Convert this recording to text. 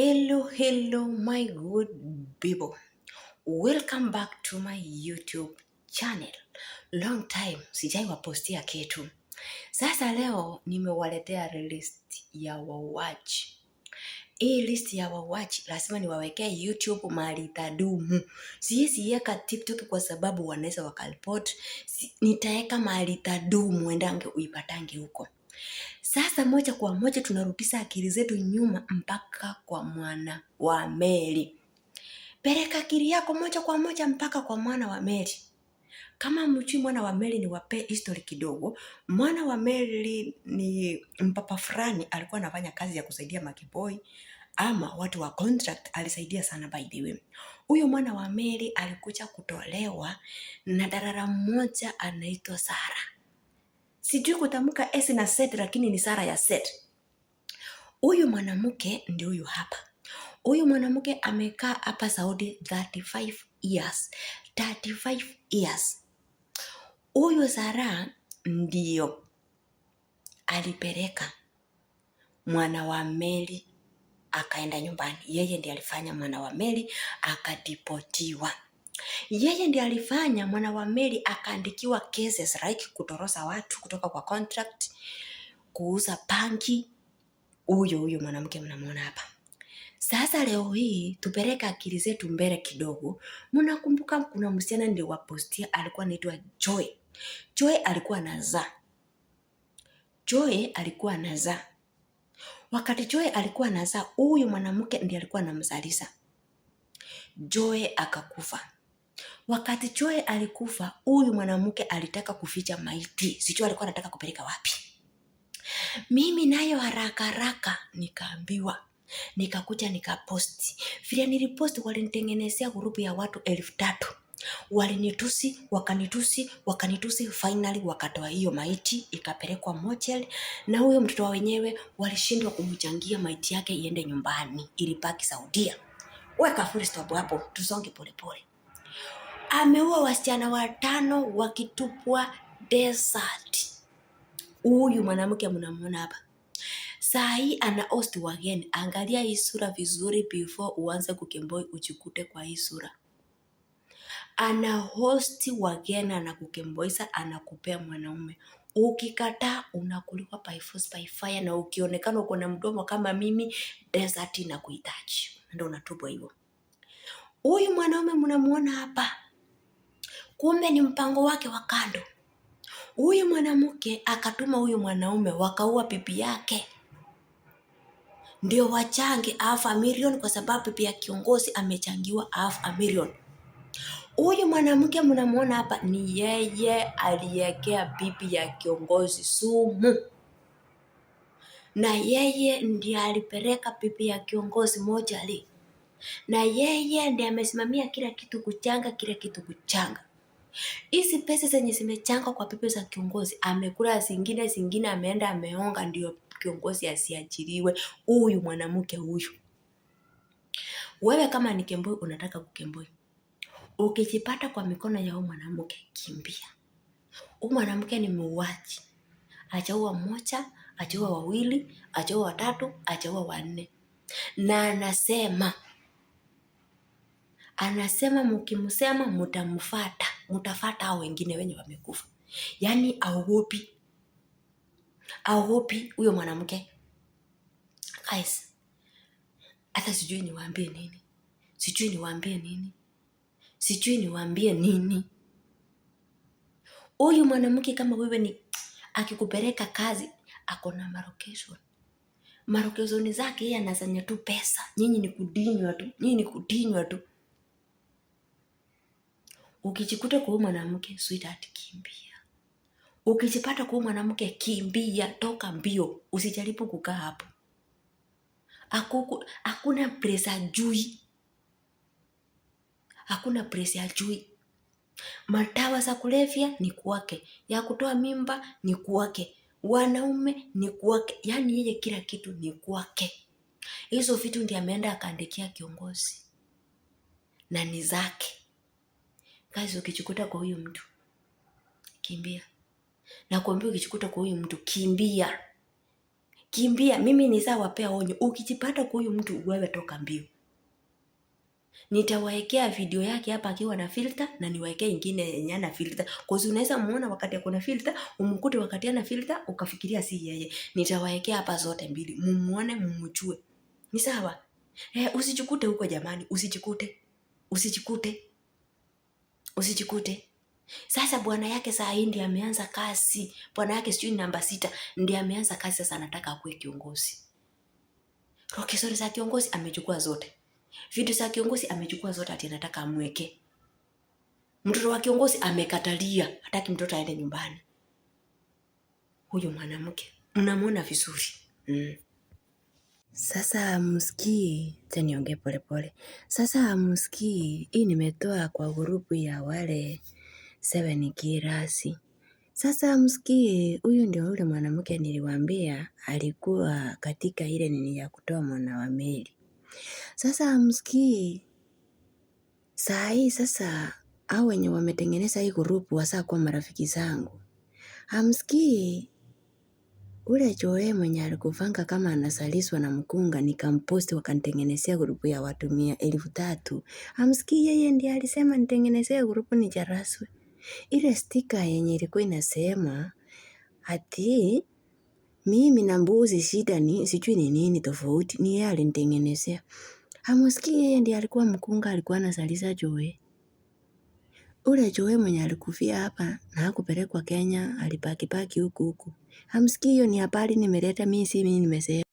hello hello my good people welcome back to my youtube channel long time wapostia kitu sasa leo nimewaletea list ya wauaji hii list ya wauaji lazima niwawekee youtube mali itadumu siwezi weka tiktok kwa sababu wanaweza wakalipot nitaweka mali itadumu endange uipatange huko sasa moja kwa moja tunarudisha akili zetu nyuma mpaka kwa mwana wa Meli. Peleka akili yako moja kwa moja mpaka kwa mwana wa Meli. Kama mchui mwana wa Meli, ni wape history kidogo. Mwana wa Meli ni mpapa fulani alikuwa anafanya kazi ya kusaidia makiboi ama watu wa contract, alisaidia sana. By the way, huyo mwana wa Meli alikuja kutolewa na dalala mmoja anaitwa Sara sijui kutamka S na set, lakini ni Sara ya set. Huyu mwanamke ndio huyu hapa. Huyu mwanamke amekaa hapa Saudi 35 years, 35 years. Huyu Sara ndio alipeleka mwana wa Meli akaenda nyumbani, yeye ndiye alifanya mwana wa Meli akadipotiwa. Yeye ndiye alifanya mwana wa meli akaandikiwa cases like kutorosa watu kutoka kwa contract, kuuza panki. Huyo huyo mwanamke mnamuona hapa. Sasa leo hii tupeleke akili zetu mbele kidogo. Mnakumbuka kuna msichana niliwapostia alikuwa anaitwa Joy. Joy alikuwa anazaa. Joy alikuwa anazaa. Wakati Joy alikuwa anazaa, huyu mwanamke ndiye alikuwa anamzalisha. Joy akakufa. Wakati choe alikufa, huyu mwanamke alitaka kuficha maiti, sijui alikuwa anataka kupeleka wapi. Mimi nayo haraka haraka nikaambiwa, nikakuja nikaposti. Vile niliposti, walinitengenezea grupu ya watu elfu tatu walinitusi wakanitusi wakanitusi, finally wakatoa hiyo maiti ikapelekwa mochel, na huyo mtoto wa wenyewe walishindwa kumchangia maiti yake iende nyumbani, ilibaki Saudia. Weka full stop hapo, tusonge polepole pole ameua wasichana watano wakitupwa desert. Huyu mwanamke mnamuona hapa saa hii ana host wageni. Angalia hii sura vizuri before uanze kukemboi uchikute kwa hii sura ana host wageni, anakukemboisa, anakupea mwanaume. Ukikataa unakuliwa by force by fire, na ukionekana uko na mdomo kama mimi, desert na ndio unatupwa hivyo. Huyu mwanaume mnamuona hapa kumbe ni mpango wake wa kando. Huyu mwanamke akatuma huyu mwanaume wakaua bibi yake, ndio wachange half a million, kwa sababu pia kiongozi amechangiwa half a million. Huyu mwanamke mnamuona hapa ni yeye aliyekea bibi ya kiongozi sumu, na yeye ndiye alipeleka bibi ya kiongozi moja ali, na yeye ndiye amesimamia kila kitu kuchanga, kila kitu kuchanga Hizi pesa zenye zimechangwa kwa pepe za kiongozi, amekula zingine zingine, ameenda ameonga, ndio kiongozi asiajiriwe huyu mwanamke huyu. Wewe kama ni kemboi, unataka kukemboi, ukijipata kwa mikono ya huyu mwanamke, kimbia. Huyu mwanamke ni muuaji, achaua mmoja, achaua wawili, achaua watatu, achaua wanne, na anasema anasema mkimsema mutamfata mtafata hao wengine wenye wamekufa. Yaani aogopi, aogopi huyo mwanamke guys. Hata sijui niwaambie nini, sijui niwaambie nini, sijui niwaambie nini. Huyu mwanamke kama wewe ni akikupeleka kazi, ako na marocation marokezoni zake yeye anazanya tu pesa. Nyinyi ni kudinywa tu, nyinyi ni kudinywa tu. Ukijikuta kwa huyu mwanamke sweetheart, kimbia. Ukijipata kwa huyu mwanamke kimbia, toka mbio, usijaribu kukaa hapo. Akuku, hakuna presa ajui, hakuna presa jui matawa za kulevya ni kwake, ya kutoa mimba ni kwake, wanaume ni kwake, yaani yeye kila kitu ni kwake. Hizo vitu ndiye ameenda akaandikia kiongozi na ni zake kazi ukichukuta kwa huyu mtu kimbia. Nakwambia ukichukuta kwa huyu mtu kimbia, kimbia. Mimi ni sawa, nishawapea onyo, ukijipata kwa huyu mtu wewe toka mbio. Nitawaekea video yake hapa akiwa na filter na niwaekea ingine yenye na filter. Kwa sababu unaweza muona wakati na filter, umkute wakati ana filter ukafikiria si yeye. Nitawaekea hapa zote mbili. Mumuone, mumjue. Ni sawa? Eh, usijikute huko jamani, usijikute. Usijikute usijikute sasa bwana yake saa hii ndiye ameanza kazi. Bwana yake sijui namba sita ndiye ameanza kazi sasa, anataka akuwe kiongozi. Rokesori za kiongozi amechukua zote, vitu za kiongozi amechukua zote, ati anataka amweke mtoto wa kiongozi. Amekatalia, hataki mtoto aende nyumbani. huyo mwanamke mnamuona vizuri mm. Sasa hamusikii, acha polepole pole pole. Sasa amuski hii nimetoa kwa grupu ya wale seven kirasi Sasa hamusikii, huyu ndio yule mwanamke niliwaambia alikuwa katika ile nini ya kutoa mwana wa meli. Sasa amuski saa hii sasa au wenye wametengeneza hii grupu wasaa kuwa marafiki zangu. Hamsikii Ule choe mwenye alikufanga kama anasaliswa na mkunga nikamposti wakanitengenesea grupu ya watu mia elfu tatu. Hamsikii yeye ndiye alisema nitengenesea grupu nijaraswe. Ile stika yenye ilikuwa inasema ati mimi na mbuzi shida ni sijui ni nini tofauti ni yeye alinitengenesea. Hamsikii yeye ndiye alikuwa mkunga alikuwa anasalisa choe Ule choe mwenye alikufia hapa na hakupelekwa Kenya alipakipaki huku huku. Hamsikii hiyo ni habari nimeleta mimi si mimi nimesema.